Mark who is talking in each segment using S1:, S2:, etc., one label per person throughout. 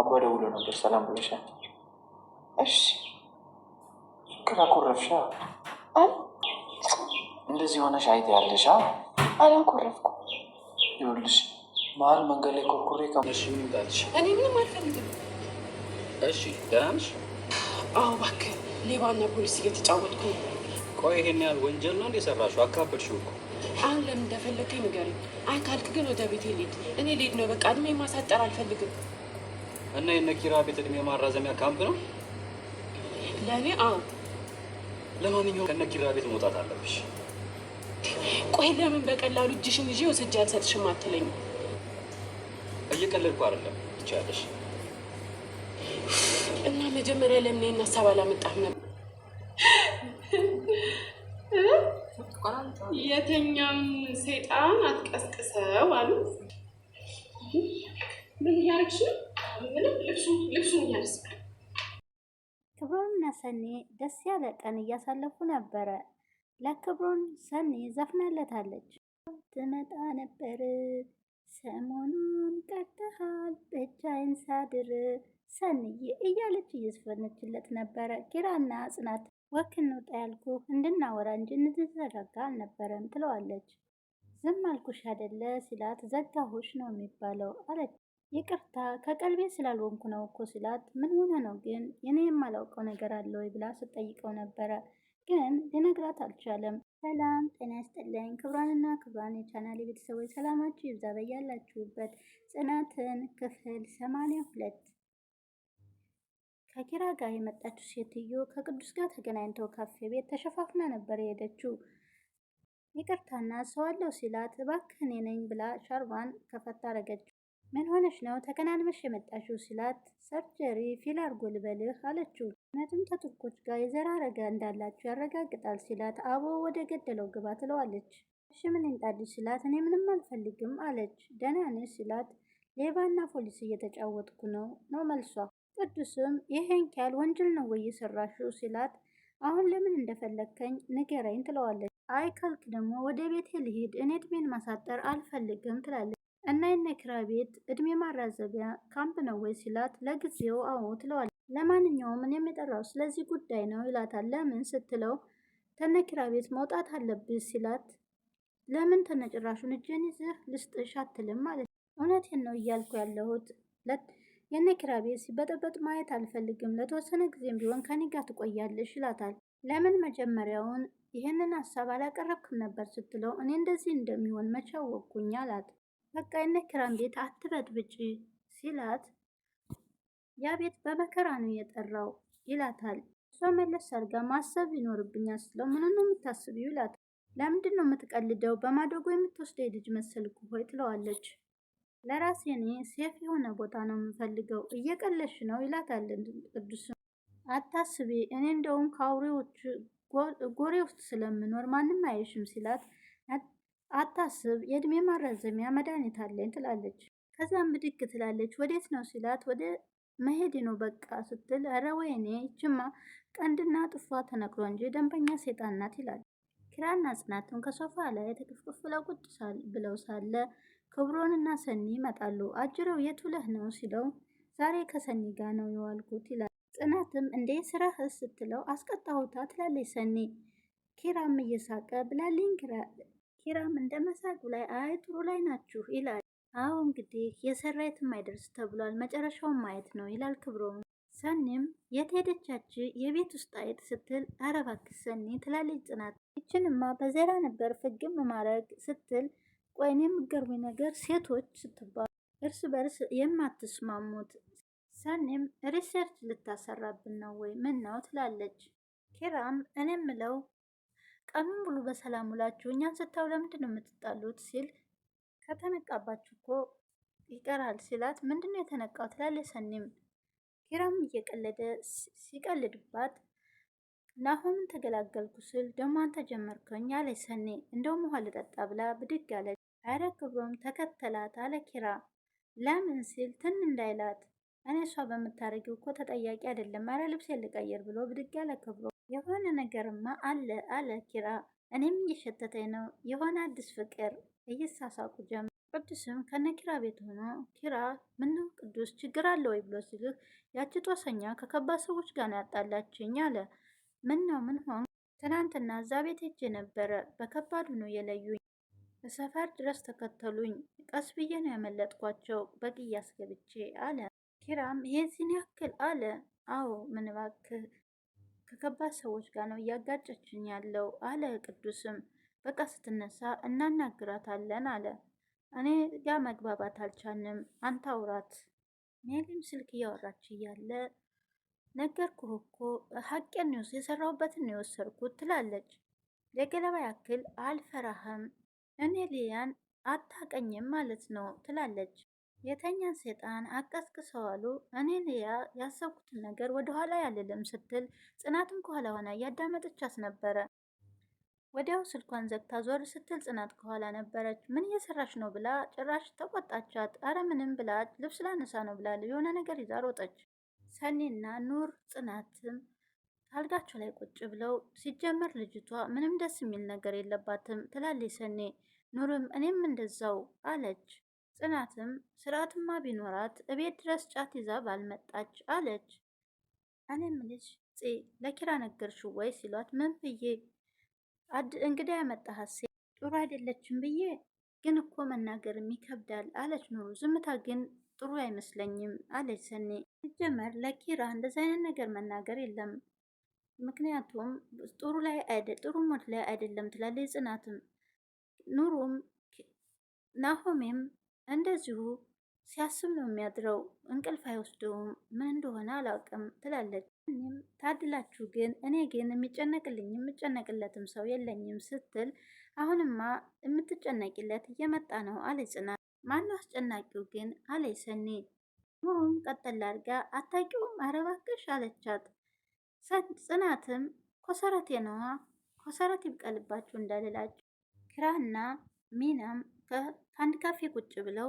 S1: አባ ውሎ ነበር ሰላም ብለሻል። እሺ ግራ ኮረፍሻ። እንደዚህ ሆነሽ አይት ያለሻ አላኮረፍኩ። ይኸውልሽ መሀል መንገድ ላይ ኮርኮሬ
S2: ከመሽ ይምጣልሽ። እኔ ምንም እሺ ደህና ነሽ?
S3: አዎ እባክህ፣ ሌባና ፖሊስ እየተጫወትኩ ነው።
S2: ቆይ ይሄን ያህል ወንጀል ነው እንደ ሰራሽው? አካበድሽው እኮ
S3: አሁን ለምን እንደፈለግከኝ ንገሪኝ። አይ ካልክ ግን ወደ ቤቴ ልሂድ። እኔ ልሂድ ነው በቃ። እድሜ ማሳጠር አልፈልግም።
S2: እና የነ ኪራ ቤት እድሜ ማራዘሚያ ካምፕ ነው ለእኔ። አዎ፣ ለማንኛውም ከነ ኪራ ቤት መውጣት አለብሽ።
S3: ቆይ ለምን በቀላሉ እጅሽን ይዤ ወስጄ አልሰጥሽም አትለኝ?
S2: እየቀለድኩ አይደለም፣ ትችያለሽ።
S3: እና መጀመሪያ ለምን ይህን ሀሳብ አላመጣም ነበር? የተኛም ሰይጣን አትቀስቅሰው አሉ። ምን ያርግሽ? ምንም ልብሱን እያደስቃል።
S4: ክብሮንና ሰኒ ደስ ያለ ቀን እያሳለፉ ነበረ። ለክብሮን ሰኒ ዘፍናለታለች። ትመጣ ነበር ሰሞኑን ቀጥሃል ብቻዬን ሳድር ሰንዬ እያለች እየዘፈነችለት ነበረ። ኪራና ጽናት ወክን ውጣ ያልኩ እንድናወራ እንጂ እንድንዘጋጋ አልነበረም ትለዋለች። ዝም አልኩሽ አደለ ሲላት ዘጋሁሽ ነው የሚባለው አለች። ይቅርታ ከቀልቤ ስላልሆንኩ ነው እኮ ስላት፣ ምን ሆነ ነው ግን እኔ የማላውቀው ነገር አለ ወይ ብላ ስጠይቀው ነበረ፣ ግን ሊነግራት አልቻለም። ሰላም ጤና ያስጥልኝ ክብሯንና ክብሯን የቻናል ቤተሰቦች ሰላማችሁ ይብዛ በያላችሁበት። ጽናትን ክፍል ሰማንያ ሁለት ከኪራ ጋር የመጣችው ሴትዮ ከቅዱስ ጋር ተገናኝተው ካፌ ቤት ተሸፋፍና ነበር የሄደችው። ይቅርታና ሰው አለው ሲላት እባክህ እኔ ነኝ ብላ ሻርባን ከፈታ አረገች። ምን ሆነሽ ነው ተከናንመሽ የመጣሽው ሲላት ሰርጀሪ ፊል አርጎ ልበልህ አለችው። እውነትም ከቱርኮች ጋር የዘር አረጋ እንዳላችሁ ያረጋግጣል ሲላት አቦ ወደ ገደለው ግባ ትለዋለች። እሺ ምን እንጣልሽ ሲላት እኔ ምንም አልፈልግም አለች። ደህና ነሽ ሲላት ሌባና ፖሊስ እየተጫወትኩ ነው ነው መልሷ። ቅዱስም ይሄን ያህል ወንጀል ነው ወይ የሰራሽው ሲላት አሁን ለምን እንደፈለግከኝ ንገረኝ ትለዋለች። አይ ካልክ ደግሞ ወደ ቤቴ ልሂድ እኔ እድሜን ማሳጠር አልፈልግም ትላለች። እና የነ ቤት እድሜ ማራዘቢያ ካምፕ ነው ወይ ሲላት፣ ለጊዜው አዎ ትለዋለች። ለማንኛውም እኔ የጠራው ስለዚህ ጉዳይ ነው ይላታል። ለምን ስትለው ከነ ቤት መውጣት አለብሽ ሲላት፣ ለምን ተነጭራሹን እጄን ይዘህ ልስጥሽ አትልም ማለት ነው። እውነቴን ነው እያልኩ ያለሁት የነ ኪራይ ቤት ሲበጠበጥ ማየት አልፈልግም። ለተወሰነ ጊዜም ቢሆን ከኔ ጋር ትቆያለሽ ይላታል። ለምን መጀመሪያውን ይህንን ሀሳብ አላቀረብክም ነበር ስትለው፣ እኔ እንደዚህ እንደሚሆን መቼ አወቅኩኝ አላት። በቃ የነኪራን ቤት አትበጥብጪ ሲላት ያ ቤት በመከራ ነው የጠራው ይላታል። እሷ መለስ አድርጋ ማሰብ ይኖርብኛል ስለው ምን ነው የምታስቢው ይላታል። ለምንድን ነው የምትቀልደው? በማደጎ የምትወስደው የልጅ መሰል ሆይ ትለዋለች። ለራሴ እኔ ሴፍ የሆነ ቦታ ነው የምፈልገው። እየቀለሽ ነው ይላታል። ቅዱስ አታስቢ፣ እኔ እንደውም ከአውሬዎች ጎሬ ውስጥ ስለምኖር ማንም አይሽም ሲላት አታስብ፣ የእድሜ ማራዘሚያ መድኃኒት አለኝ ትላለች። ከዛም ብድግ ትላለች። ወዴት ነው ሲላት ወደ መሄድ ነው በቃ ስትል፣ ኧረ ወይኔ ይችማ ቀንድና ጥፏ ተነቅሎ እንጂ ደንበኛ ሴጣን ናት ይላል። ኪራና ጽናትም ከሶፋ ላይ ተከፍከፍ ብለው ቁጭ ብለው ሳለ ክብሮንና ሰኒ ይመጣሉ። አጅረው የት ውለህ ነው ሲለው፣ ዛሬ ከሰኒ ጋር ነው የዋልኩት ይላል። ጽናትም እንዴ ስራህ ስትለው፣ አስቀጣሁታ ትላለች ሰኒ። ኪራም እየሳቀ ብላልኝ ኪራም እንደ መሳቁ ላይ አይ ጥሩ ላይ ናችሁ ይላል። አዎ እንግዲህ የሰራ የትም አይደርስ ተብሏል፣ መጨረሻውን ማየት ነው ይላል ክብሮም። ሰኒም የት ሄደቻች የቤት ውስጥ አይጥ ስትል ኧረ እባክሽ ሰኒ ትላለች ጽናት። ይችንማ በዘራ ነበር ፍግም ማረግ ስትል ቆይኔ የምገርሙኝ ነገር ሴቶች ስትባሉ እርስ በርስ የማትስማሙት ሰኒም ሪሰርች ልታሰራብን ነው ወይ ምን ነው ትላለች። ኪራም እኔ ምለው ቀኑን ሙሉ በሰላም ውላችሁ እኛን ስታው ለምንድን ነው የምትጣሉት? ሲል ከተነቃባችሁ እኮ ይቀራል ሲላት፣ ምንድን ነው የተነቃው ትላለች ሰኒም። ኪራም እየቀለደ ሲቀልድባት ናሆምን ተገላገልኩ ስል ደግሞ አንተ ጀመርከኝ አለች ሰኒ። እንደውም ውሃ ልጠጣ ብላ ብድግ አለች። ኧረ ክብሮም ተከተላት አለ ኪራ። ለምን ሲል ትን እንዳይላት እኔ እሷ በምታረጊው እኮ ተጠያቂ አይደለም። አረ ልብስ ልቀይር ብሎ ብድግ ያለ ክብሮ የሆነ ነገርማ አለ አለ ኪራ። እኔም እየሸተተኝ ነው የሆነ አዲስ ፍቅር እየሳሳቁ ጀመር። ቅዱስም ከነ ኪራ ቤት ሆኖ ኪራ ምነው ቅዱስ ችግር አለ ወይ ብሎ ሲልህ ያቺ ጦሰኛ ከከባድ ሰዎች ጋር ያጣላችኝ አለ። ምን ነው ምን ሆን? ትናንትና እዛ ቤት ሄጄ ነበረ በከባዱ ነው የለዩኝ። በሰፈር ድረስ ተከተሉኝ። ቀስ ብዬ ነው ያመለጥኳቸው በቅያስ ገብቼ አለ። ኪራም የዚህን ያክል አለ። አዎ ምን እባክህ ከከባድ ሰዎች ጋር ነው እያጋጨችኝ ያለው አለ። ቅዱስም በቃ ስትነሳ እናናግራታለን አለ። እኔ ጋ መግባባት አልቻንም፣ አንተ አውራት። ሜሊም ስልክ እያወራች እያለ ነገርኩህ እኮ ሀቄን ነው የሰራሁበትን ነው የወሰድኩት ትላለች። የገለባ ያክል አልፈራህም፣ እኔ ሊያን አታቀኝም ማለት ነው ትላለች። የተኛን ሴጣን አቀስቅሰው አሉ። እኔ ሊያ ያሰብኩትን ነገር ወደኋላ ያልልም ስትል ጽናትም ከኋላ ሆና እያዳመጠቻት ነበረ። ወዲያው ስልኳን ዘግታ ዞር ስትል ጽናት ከኋላ ነበረች። ምን እየሰራች ነው ብላ ጭራሽ ተቆጣቻት። አረ ምንም ብላ ልብስ ላነሳ ነው ብላ የሆነ ነገር ይዛ ሮጠች። ሰኔና ኑር ጽናትም አልጋቸው ላይ ቁጭ ብለው ሲጀመር ልጅቷ ምንም ደስ የሚል ነገር የለባትም ትላለች ሰኔ። ኑርም እኔም እንደዛው አለች። ጽናትም ስርዓትማ ቢኖራት እቤት ድረስ ጫት ይዛ ባልመጣች አለች። እኔም ልጅ ጽ ለኪራ ነገርሽው ወይ ሲሏት ምን ብዬ እንግዳ ያመጣሃት ሴት ጥሩ አይደለችም ብዬ ግን እኮ መናገርም ይከብዳል አለች ኑሩ። ዝምታ ግን ጥሩ አይመስለኝም አለች ሰኔ። ሲጀመር ለኪራ እንደዚ አይነት ነገር መናገር የለም ምክንያቱም ጥሩ ላይ አይደ ጥሩ ሞድ ላይ አይደለም ትላለች ጽናትም ኑሩም ናሆሜም እንደዚሁ ሲያስብ ነው የሚያድረው። እንቅልፍ አይወስደውም። ምን እንደሆነ አላውቅም ትላለች። እኔም ታድላችሁ ግን እኔ ግን የሚጨነቅልኝ የምጨነቅለትም ሰው የለኝም ስትል፣ አሁንማ የምትጨነቂለት እየመጣ ነው አለች ጽናት። ማነው አስጨናቂው ግን አለች ሰኒ። ኑሩም ቀጠል አድርጋ አታውቂውም አረባክሽ አለቻት። ጽናትም ኮሰረቴ ነዋ ኮሰረት ይብቀልባችሁ እንዳልላችሁ ክራና ሚናም አንድ ካፌ ቁጭ ብለው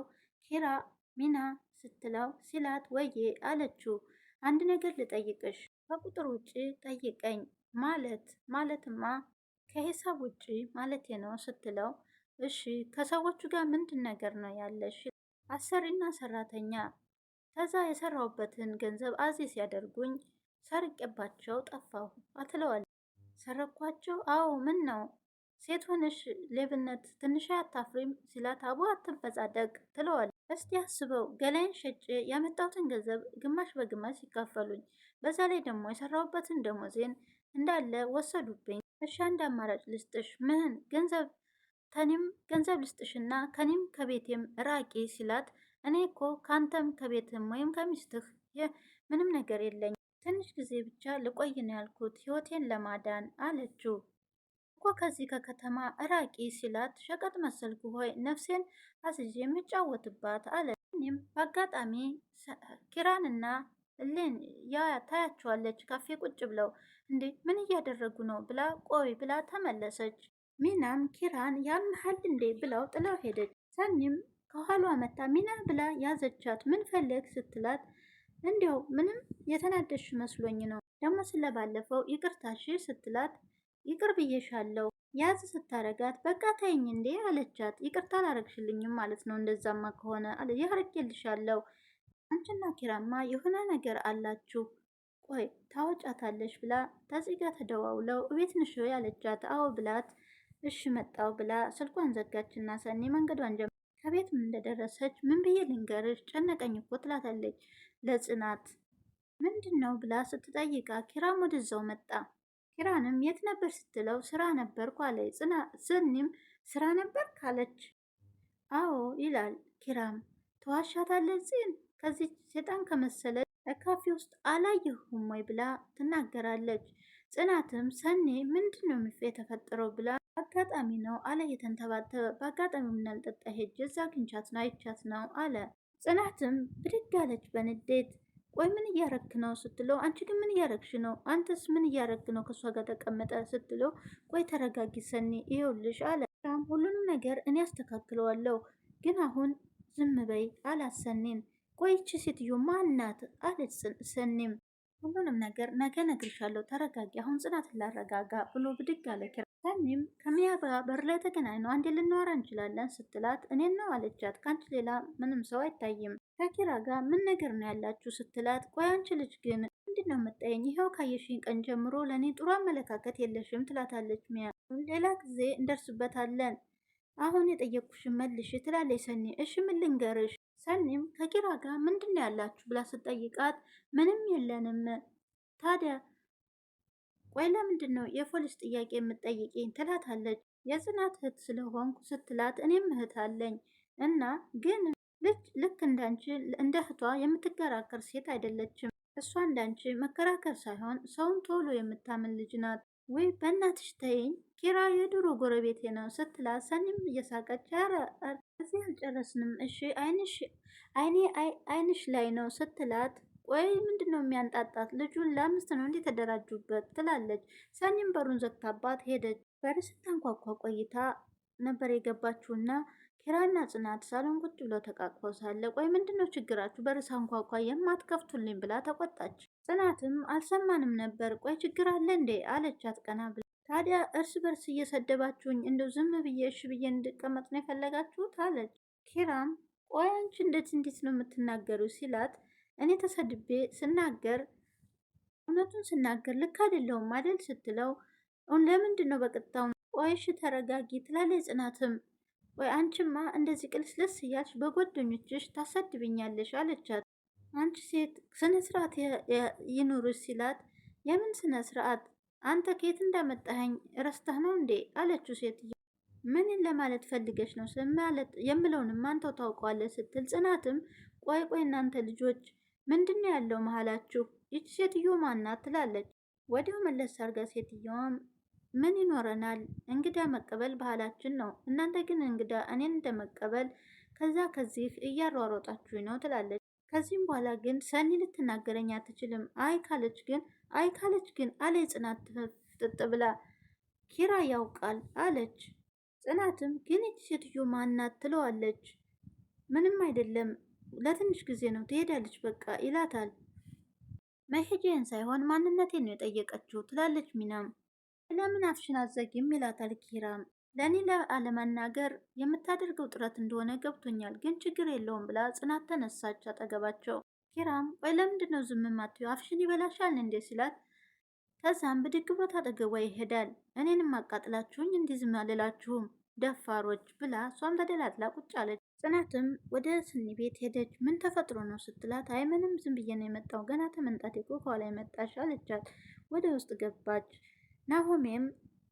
S4: ኪራ ሚና ስትለው ሲላት ወዬ አለችው። አንድ ነገር ልጠይቅሽ፣ ከቁጥር ውጭ ጠይቀኝ። ማለት ማለትማ ከሂሳብ ውጭ ማለቴ ነው ስትለው፣ እሺ ከሰዎቹ ጋር ምንድን ነገር ነው ያለሽ? አሰሪና ሰራተኛ ከዛ የሰራሁበትን ገንዘብ አዚ ሲያደርጉኝ ሰርቄባቸው ጠፋሁ አትለዋል። ሰረኳቸው? አዎ ምን ነው ሴት ሆነሽ ሌብነት ትንሽ አታፍሪም? ሲላት አቡ አትንፈጻደቅ ትለዋል። እስቲ አስበው ገላይን ሸጬ ያመጣሁትን ገንዘብ ግማሽ በግማሽ ይካፈሉኝ፣ በዛ ላይ ደግሞ የሰራሁበትን ደሞዜን እንዳለ ወሰዱብኝ። እሺ አንድ አማራጭ ልስጥሽ። ምህን ገንዘብ ከኔም ገንዘብ ልስጥሽና ከኔም ከቤቴም ራቂ ሲላት፣ እኔ እኮ ከአንተም ከቤትም ወይም ከሚስትህ ምንም ነገር የለኝም ትንሽ ጊዜ ብቻ ልቆይ ነው ያልኩት ህይወቴን ለማዳን አለችው። ከዚህ ከከተማ ራቂ ሲላት ሸቀጥ መሰልኩ ሆይ ነፍሴን አስይዤ የምጫወትባት አለ። እኔም በአጋጣሚ ኪራንና ሌን ያ ታያቸዋለች ካፌ ቁጭ ብለው እንዴ ምን እያደረጉ ነው ብላ ቆይ ብላ ተመለሰች። ሚናም ኪራን ያምሃል እንዴ ብላው ጥላው ሄደች። ሰኒም ከኋሏ መታ ሚና ብላ ያዘቻት። ምን ፈለግ ስትላት እንዲያው ምንም የተናደሽ መስሎኝ ነው ደግሞ ስለባለፈው ይቅርታሽ ስትላት ይቅር ብዬሻለሁ ያዝ ስታረጋት በቃ ታይኝ እንዴ አለቻት። ይቅርታ አላረግሽልኝም ማለት ነው እንደዛማ ከሆነ ያርቄልሻለሁ። አንቺና ኪራማ የሆነ ነገር አላችሁ ቆይ ታወጫታለሽ ብላ ታጽጋ ተደዋውለው እቤት ንሽ ያለቻት አዎ ብላት እሽ መጣው ብላ ስልኳን ዘጋችና ሰኒ መንገዷን ጀምራ ከቤት ምን እንደደረሰች ምን ብዬ ልንገርሽ ጨነቀኝ እኮ ትላታለች ለጽናት ምንድን ነው ብላ ስትጠይቃ ኪራም ወደዛው መጣ ኪራንም የት ነበር ስትለው ስራ ነበርኩ አለ። ሰኒም ስራ ነበር ካለች አዎ ይላል ኪራም። ተዋሻታለች ጽን ከዚህ ሴጣን ከመሰለ ካፌ ውስጥ አላየሁም ወይ ብላ ትናገራለች። ጽናትም ሰኔ ምንድን ነው የተፈጠረው ብላ አጋጣሚ ነው አለ የተንተባተበ በአጋጣሚ ምናልጠጣ ሄጅ እዛ አግኝቻት ነው አይቻት ነው አለ። ጽናትም ብድግ አለች በንዴት ቆይ ምን እያረግክ ነው ስትለው፣ አንቺ ግን ምን እያረግሽ ነው? አንተስ ምን እያረግክ ነው ከእሷ ጋር ተቀመጠ ስትለው፣ ቆይ ተረጋጊ ሰኒ ይኸውልሽ አለ። ሁሉንም ነገር እኔ አስተካክለዋለሁ፣ ግን አሁን ዝም በይ አላት ሰኒን። ቆይቺ ሴትዮ ማናት አለች ሰኒም። ሁሉንም ነገር ነገ ነግርሻለሁ፣ ተረጋጊ አሁን ጽናት ላረጋጋ ብሎ ብድግ አለ ሰኒም ከሚያባ በር ላይ ተገናኝነው አንዴ ልናወራ እንችላለን ስትላት እኔ ነው አለቻት። ከአንቺ ሌላ ምንም ሰው አይታይም። ከኪራ ጋር ምን ነገር ነው ያላችሁ ስትላት፣ ቆይ አንቺ ልጅ ግን ምንድን ነው የምጠየኝ? ይኸው ካየሽኝ ቀን ጀምሮ ለእኔ ጥሩ አመለካከት የለሽም ትላታለች። ሚያ ሌላ ጊዜ እንደርስበታለን፣ አሁን የጠየቅኩሽን መልሽ ትላለች ሰኒ። እሺ ምን ልንገርሽ? ሰኒም ከኪራ ጋር ምንድን ነው ያላችሁ ብላ ስትጠይቃት ምንም የለንም ታዲያ ቆይ ለምንድን ነው የፖሊስ ጥያቄ የምጠይቅኝ? ትላታለች የጽናት እህት ስለሆንኩ ስትላት እኔም እህት አለኝ እና ግን ልክ እንዳንቺ እንደ እህቷ የምትከራከር ሴት አይደለችም። እሷ እንዳንቺ መከራከር ሳይሆን ሰውን ቶሎ የምታምን ልጅ ናት። ወይ በእናትሽ ተይኝ፣ ኪራ የድሮ ጎረቤቴ ነው ስትላት ሰኒም እየሳቀች ኧረ እዚህ አልጨረስንም፣ እሺ አይንሽ አይኔ አይንሽ ላይ ነው ስትላት ቆይ ምንድን ነው የሚያንጣጣት? ልጁን ለምስት ነው እንዴ ተደራጁበት? ትላለች። ሰኒም በሩን ዘግታባት ሄደች። በር ስታንኳኳ ቆይታ ነበር የገባችውና ኪራና ጽናት ሳሎን ቁጭ ብለው ተቃቅፈው ሳለ ቆይ ምንድን ነው ችግራችሁ? በር ሳንኳኳ የማትከፍቱልኝ ብላ ተቆጣች። ጽናትም አልሰማንም ነበር፣ ቆይ ችግር አለ እንዴ አለቻት ቀና ብላ። ታዲያ እርስ በርስ እየሰደባችሁኝ እንደው ዝም ብዬ እሽ ብዬ እንድቀመጥ ነው የፈለጋችሁት አለች። ኪራም ቆይ አንቺ እንዴት እንዴት ነው የምትናገሩ ሲላት እኔ ተሰድቤ ስናገር እውነቱን ስናገር ልክ አይደለሁም አይደል ስትለው ለምንድን ነው በቀጥታው ቆይሽ ተረጋጊ ትላለች ጽናትም ወይ አንቺማ እንደዚህ ቅልስልስ እያልሽ በጓደኞችሽ ታሳድብኛለሽ አለቻት አንቺ ሴት ስነ ስርዓት ይኑርሽ ሲላት የምን ስነ ስርዓት አንተ ከየት እንዳመጣኸኝ ረስተህ ነው እንዴ አለችው ሴትዮ ምንን ለማለት ፈልገሽ ነው የምለውንም አንተው ታውቀዋለህ ስትል ጽናትም ቆይ ቆይ እናንተ ልጆች ምንድን ነው ያለው መሀላችሁ? ይች ሴትዮ ማናት? ትላለች። ወዲያው መለስ አርጋ ሴትዮዋም ምን ይኖረናል እንግዳ መቀበል ባህላችን ነው። እናንተ ግን እንግዳ እኔን እንደመቀበል ከዛ ከዚህ እያሯሮጣችሁ ነው ትላለች። ከዚህም በኋላ ግን ሰኒ ልትናገረኝ አትችልም። አይ ካለች ግን አይ ካለች ግን አለ ጽናት ፍጥጥ ብላ ኪራ ያውቃል አለች። ጽናትም ግን ይች ሴትዮ ማናት ትለዋለች። ምንም አይደለም ለትንሽ ጊዜ ነው ትሄዳለች፣ በቃ ይላታል። መሄጄን ሳይሆን ማንነቴን ነው የጠየቀችው ትላለች ሚናም። ለምን አፍሽን አዘጊም ይላታል ኪራም። ለእኔ ለአለመናገር የምታደርገው ጥረት እንደሆነ ገብቶኛል፣ ግን ችግር የለውም ብላ ጽናት ተነሳች አጠገባቸው። ኪራም ቆይ ለምንድን ነው ዝም ማትዩ? አፍሽን ይበላሻል እንዴ ሲላት፣ ከዛም ብድግ ቦታ አጠገቧ ይሄዳል። እኔንም አቃጥላችሁኝ እንዲህ ዝም አልላችሁም ደፋሮች ብላ እሷም ተደላድላ ቁጭ አለች። ጽናትም ወደ ስኒ ቤት ሄደች። ምን ተፈጥሮ ነው ስትላት፣ አይ ምንም ዝም ብዬ ነው የመጣው ገና ተመንጣት እኮ ከኋላ የመጣሽ አለቻት። ወደ ውስጥ ገባች። ናሆሜም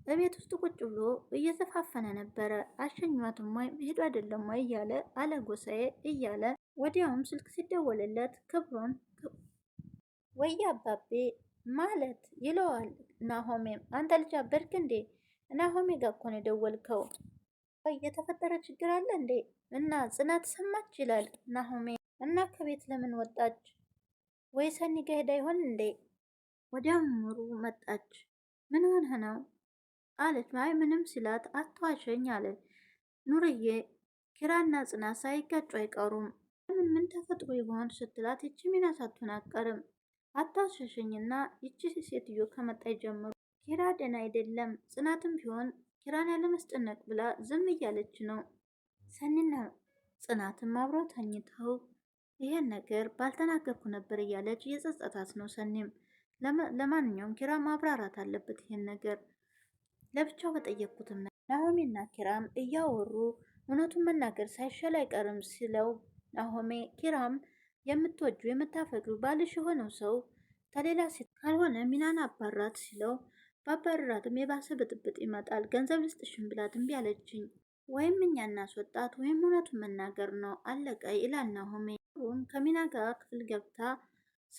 S4: በቤት ውስጥ ቁጭ ብሎ እየዘፋፈነ ነበረ። አሸኟትም ወይ ሄዱ አይደለም ወይ እያለ አለ ጎሳዬ እያለ ወዲያውም ስልክ ሲደወልለት ክብሮን ወይ አባቤ ማለት ይለዋል። ናሆሜም አንተ ልጅ አበድክ እንዴ? ናሆሜ ጋር እኮ ነው የደወልከው። የተፈጠረ ችግር አለ እንዴ እና ጽናት ሰማች ይላል ናሆሜ። እና ከቤት ለምን ወጣች? ወይ ሰኒ ጋ ሄዳ ይሆን እንዴ? ወዲያም ምሩ መጣች። ምን ሆነ ነው አለች። አይ ምንም ሲላት አትዋሸኝ አለ ኑርዬ። ኪራና ጽናት ሳይጋጩ አይቀሩም። ምን ምን ተፈጥሮ ይሆን ስትላት ይቺ ሚናሳቱን አቀርም አታሸሸኝና ይቺ ሴትዮ ከመጣ ጀምሮ ኪራ ደህና አይደለም። ጽናትም ቢሆን ኪራን ያለመስጨነቅ ብላ ዝም እያለች ነው። ሰኒና ጽናትም አብረው ተኝተው ይሄን ነገር ባልተናገርኩ ነበር እያለች የጸጸታት ነው። ሰኒም ለማንኛውም ኪራ ማብራራት አለበት ይሄን ነገር ለብቻው በጠየቅኩትም ናሆሜና ኪራም እያወሩ እውነቱን መናገር ሳይሻል አይቀርም ሲለው ናሆሜ ኪራም የምትወጁ የምታፈቅሩ ባልሽ የሆነው ሰው ከሌላ ሴት ካልሆነ ሚናን አባራት ሲለው ባባረራትም የባሰ ብጥብጥ ይመጣል። ገንዘብ ልስጥሽን ብላ እምቢ አለችኝ። ወይም እኛ እናስወጣት ወይም እውነቱን መናገር ነው አለቀ ይላል ናሆሜ። ሩም ከሚና ጋር ክፍል ገብታ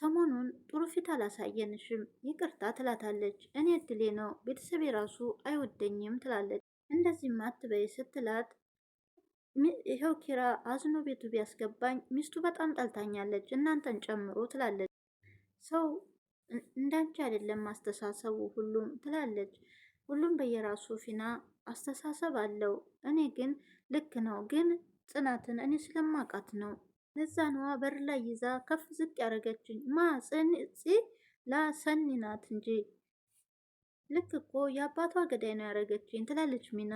S4: ሰሞኑን ጥሩ ፊት አላሳየንሽም ይቅርታ ትላታለች። እኔ እድሌ ነው ቤተሰቤ ራሱ አይወደኝም ትላለች። እንደዚህም አትበይ ስትላት ይኸው ኪራ አዝኖ ቤቱ ቢያስገባኝ ሚስቱ በጣም ጠልታኛለች እናንተን ጨምሮ ትላለች። ሰው እንዳንቺ አይደለም አስተሳሰቡ ሁሉም ትላለች። ሁሉም በየራሱ ፊና አስተሳሰብ አለው። እኔ ግን ልክ ነው ግን ጽናትን እኔ ስለማውቃት ነው ነዛንዋ በር ላይ ይዛ ከፍ ዝቅ ያደረገችኝ ማ ጽንጽ ላሰኒ ናት እንጂ ልክ እኮ የአባቷ ገዳይ ነው ያደረገችኝ ትላለች ሚና።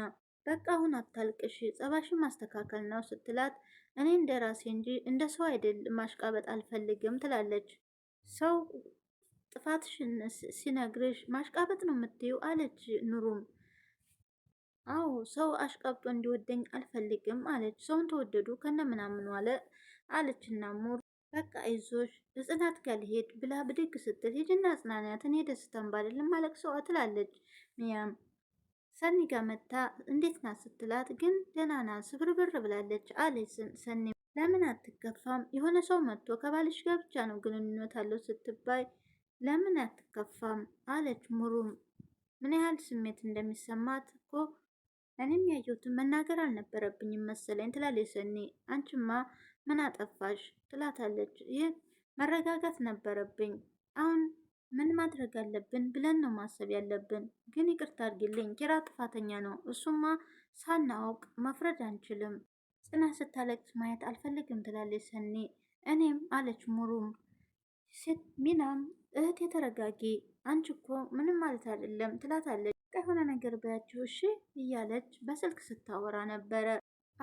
S4: በቃ አሁን አታልቅሽ፣ ጸባሽን ማስተካከል ነው ስትላት እኔ እንደ ራሴ እንጂ እንደ ሰው አይደል ማሽቃበጥ አልፈልግም ትላለች ሰው ጥፋትሽን ሲነግርሽ ማሽቃበጥ ነው የምትይው አለች ኑሩም። አዎ ሰው አሽቃብጦ እንዲወደኝ አልፈልግም አለች። ሰውን ተወደዱ ከነ ምናምን ዋለ አለችና ሙር በቃ አይዞሽ እጽናት ጋር ልሄድ ብላ ብድግ ስትል ሂጅና አጽናናት፣ እኔ ደስተን ባደለም ማለቅ ሰው ትላለች። ሚያም ሰኒ ጋር መታ እንዴት ናት ስትላት ግን ደህና ናት ስብርብር ብላለች አለች ሰኒ። ለምን አትከፋም? የሆነ ሰው መጥቶ ከባልሽ ጋር ብቻ ነው ግንኙነት አለው ስትባይ ለምን አትከፋም? አለች ሙሩም። ምን ያህል ስሜት እንደሚሰማት እኮ እኔም ያየሁትን መናገር አልነበረብኝም መሰለኝ ትላለች ሰኒ። አንቺማ ምን አጠፋሽ? ትላታለች። ይህ መረጋጋት ነበረብኝ። አሁን ምን ማድረግ አለብን ብለን ነው ማሰብ ያለብን። ግን ይቅርታ አድርጊልኝ፣ ኪራ ጥፋተኛ ነው። እሱማ ሳናውቅ መፍረድ አንችልም። ጽና ስታለቅስ ማየት አልፈልግም ትላለች ሰኒ። እኔም አለች ሙሩም። ሴት ሚናም እህት የተረጋጊ፣ አንቺ እኮ ምንም ማለት አይደለም ትላታለች። ከሆነ ነገር በያችሁ እሺ እያለች በስልክ ስታወራ ነበረ።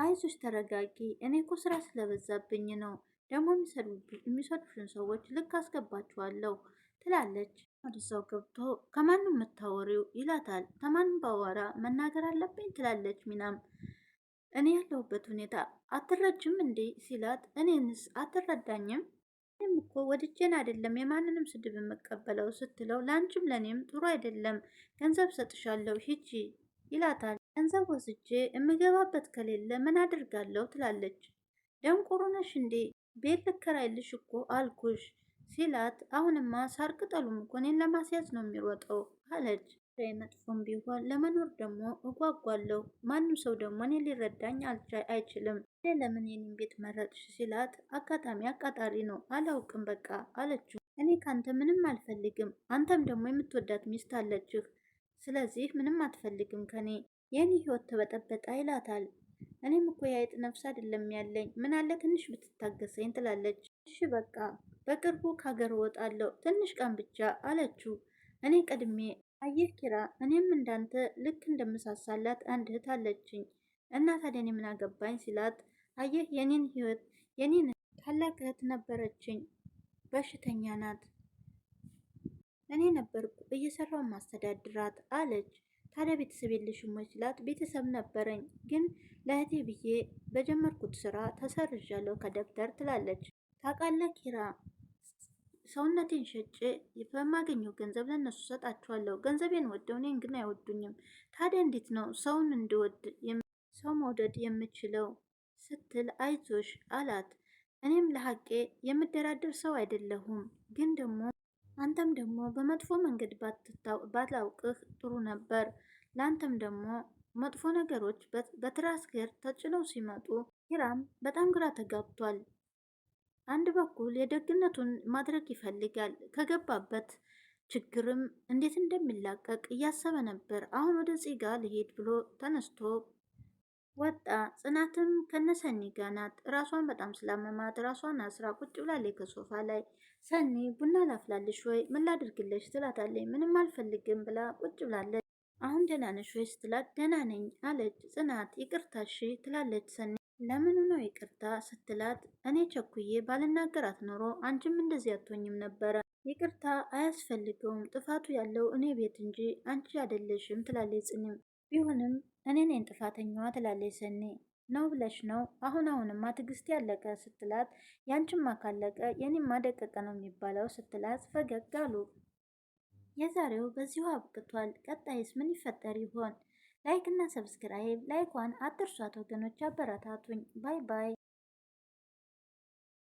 S4: አይዞች ተረጋጊ፣ እኔ እኮ ስራ ስለበዛብኝ ነው። ደግሞ የሚሰዱሽን ሰዎች ልክ አስገባችኋለሁ ትላለች። ወደ ሰው ገብቶ ከማኑ የምታወሪው ይላታል። ከማኑ ባወራ መናገር አለብኝ ትላለች። ሚናም እኔ ያለሁበት ሁኔታ አትረጅም እንዴ ሲላት፣ እኔንስ አትረዳኝም እኔም እኮ ወድጄን አይደለም የማንንም ስድብ የምቀበለው ስትለው ለአንቺም ለእኔም ጥሩ አይደለም፣ ገንዘብ ሰጥሻለሁ ሂጂ ይላታል። ገንዘብ ወስጄ የምገባበት ከሌለ ምን አድርጋለሁ ትላለች። ደንቆሮ ነሽ እንዴ ቤት ልከራይልሽ እኮ አልኩሽ ሲላት አሁንማ ሳር ቅጠሉም እኮ እኔን ለማስያዝ ነው የሚሮጠው አለች። መጥፎም ቢሆን ለመኖር ደግሞ እጓጓለሁ። ማንም ሰው ደግሞ እኔ ሊረዳኝ አይችልም። እኔ ለምን የኔን ቤት መረጥሽ ሲላት አጋጣሚ አቃጣሪ ነው አላውቅም በቃ አለችው። እኔ ካንተ ምንም አልፈልግም። አንተም ደግሞ የምትወዳት ሚስት አለችህ። ስለዚህ ምንም አትፈልግም ከኔ። የኔ ህይወት ተበጠበጣ ይላታል። እኔም እኮ የአይጥ ነፍስ አይደለም ያለኝ ምን አለ ትንሽ ብትታገሰኝ ትላለች። እሺ በቃ በቅርቡ ከሀገር እወጣለሁ ትንሽ ቀን ብቻ አለችው። እኔ ቀድሜ አየህ ኪራ፣ እኔም እንዳንተ ልክ እንደምሳሳላት አንድ እህት አለችኝ እና ታዲያ እኔ ምን አገባኝ ሲላት፣ አየህ የኔን ህይወት የኔን ታላቅ እህት ነበረችኝ፣ በሽተኛ ናት፣ እኔ ነበርኩ እየሰራው ማስተዳድራት አለች። ታዲያ ቤተሰብ የለሽም ወይ ሲላት፣ ቤተሰብ ነበረኝ ግን ለእህቴ ብዬ በጀመርኩት ስራ ተሰርዣለሁ ከደብተር ትላለች። ታውቃለህ ኪራ ሰውነቴን ሸጬ በማገኘው ገንዘብ ለነሱ ሰጣቸዋለሁ። ገንዘቤን ወደው እኔን ግን አይወዱኝም። ታዲያ እንዴት ነው ሰውን እንድወድ ሰው መውደድ የምችለው? ስትል አይዞሽ አላት። እኔም ለሀቄ የምደራደር ሰው አይደለሁም፣ ግን ደግሞ አንተም ደግሞ በመጥፎ መንገድ ባታውቅህ ጥሩ ነበር። ለአንተም ደግሞ መጥፎ ነገሮች በትራስ ገር ተጭነው ሲመጡ ኪራም በጣም ግራ ተጋብቷል። አንድ በኩል የደግነቱን ማድረግ ይፈልጋል። ከገባበት ችግርም እንዴት እንደሚላቀቅ እያሰበ ነበር። አሁን ወደ ጋር ልሄድ ብሎ ተነስቶ ወጣ። ጽናትም ከነሰኒ ጋር ናት። ራሷን በጣም ስላመማት ራሷን አስራ ቁጭ ብላለች ከሶፋ ላይ። ሰኒ ቡና ላፍላልሽ ወይ ምን ላድርግለሽ ትላታለች። ምንም አልፈልግም ብላ ቁጭ ብላለች። አሁን ደህና ነሽ ወይ ስትላት ደህና ነኝ አለች ጽናት። ይቅርታሽ ትላለች ሰኒ ለምኑ ነው ይቅርታ ስትላት እኔ ቸኩዬ ባልናገራት ኖሮ አንቺም እንደዚህ አትሆኝም ነበረ። ይቅርታ አያስፈልገውም፣ ጥፋቱ ያለው እኔ ቤት እንጂ አንቺ አይደለሽም ትላለች ጽንም። ቢሆንም እኔ ነኝ ጥፋተኛዋ ትላለች ሰኔ። ነው ብለሽ ነው አሁን አሁንማ ትዕግስት ያለቀ ስትላት፣ ያንቺማ ካለቀ የኔማ ደቀቀ ነው የሚባለው ስትላት ፈገግ አሉ። የዛሬው በዚሁ አብቅቷል። ቀጣይስ ምን ይፈጠር ይሆን? ላይክ እና ሰብስክራይብ ላይኳን አትርሷት ወገኖች፣ አበረታቱኝ። ባይ ባይ።